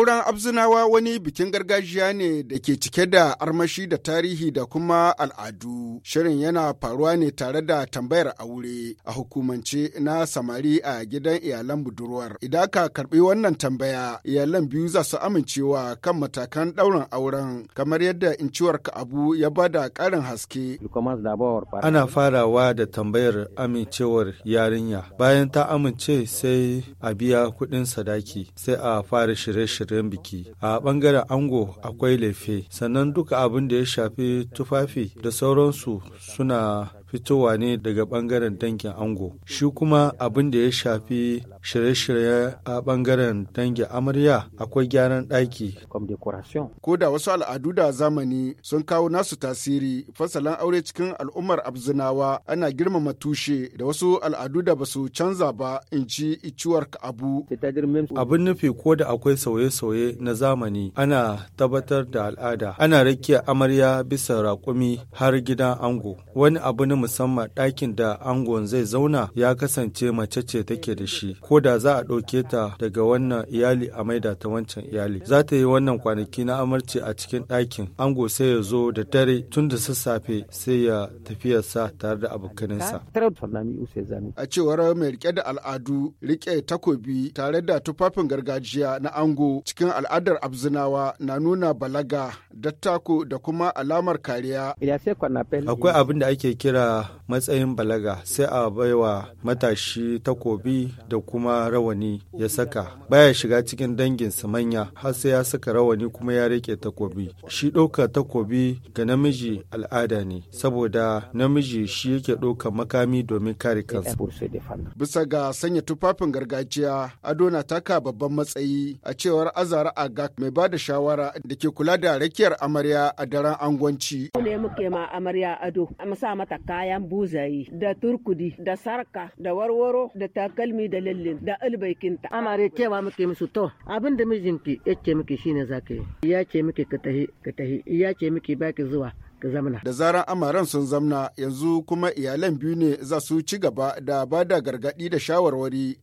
Auren Abzunawa wani bikin gargajiya ne da ke cike da armashi da tarihi da kuma al'adu. Shirin yana faruwa ne tare da tambayar aure a hukumance na samari a gidan iyalan budurwar. Idan ka karbi wannan tambaya, iyalan biyu za su amincewa kan matakan ɗaurin auren kamar yadda inciwar ka abu ya bada ƙarin haske. Ana farawa da tambayar amincewar yarinya. Bayan ta amince sai a biya kuɗin sadaki, sai a fara shirye-shirye. shirye biki a bangaren ango akwai lefe sannan duka abin da ya shafi tufafi da sauransu suna fitowa ne daga bangaren dangin ango. Shi kuma abin da ya shafi shirye-shirye a ɓangaren dangin amarya akwai gyaran ɗaki. Ko da wasu al'adu da zamani sun kawo nasu tasiri fasalan aure cikin al'ummar abzinawa ana girmama tushe da wasu al'adu da basu canza ba in ci iciwar abu. Abin nufi ko da akwai sauye-sauye na zamani ana tabbatar da al'ada ana rakiya amarya bisa raƙumi har gidan ango wani abu musamman ɗakin da angon zai zauna ya kasance mace ce take da shi ko da za a ɗauke ta daga wannan iyali a maida ta wancan iyali za ta yi wannan kwanaki na amarci a cikin ɗakin ango sai ya zo da dare tun da sassafe sai ya tafiyarsa tare da abokaninsa a cewar mai rike da al'adu rike takobi tare da tufafin gargajiya na ango cikin al'adar abzinawa na nuna balaga dattako da kuma alamar kariya akwai abin da ake kira a matsayin balaga sai a baiwa matashi takobi da kuma rawani ya saka baya shiga cikin dangin danginsa manya har sai ya saka rawani kuma ya rike takobi shi ɗauka takobi ga namiji al'ada ne saboda namiji shi yake ɗauka makami domin kare kansa bisa ga sanya tufafin gargajiya ado na taka babban matsayi a cewar azara aga mai ba da shawara da ke kula da rakiyar amarya a daren angwanci ne muke ma amarya ado a mata kayan buzayi da turkudi da sarka da warwaro da takalmi da lallin da ta amare cewa muke musu to abin da mijinki yake ce miki shine zaka yi ya ce miki ka tahi ka tahi ya ce miki baki zuwa ka Da zaran amaran sun zamna yanzu kuma iyalan biyu ne za su ci gaba da ba da gargaɗi da shawarwari.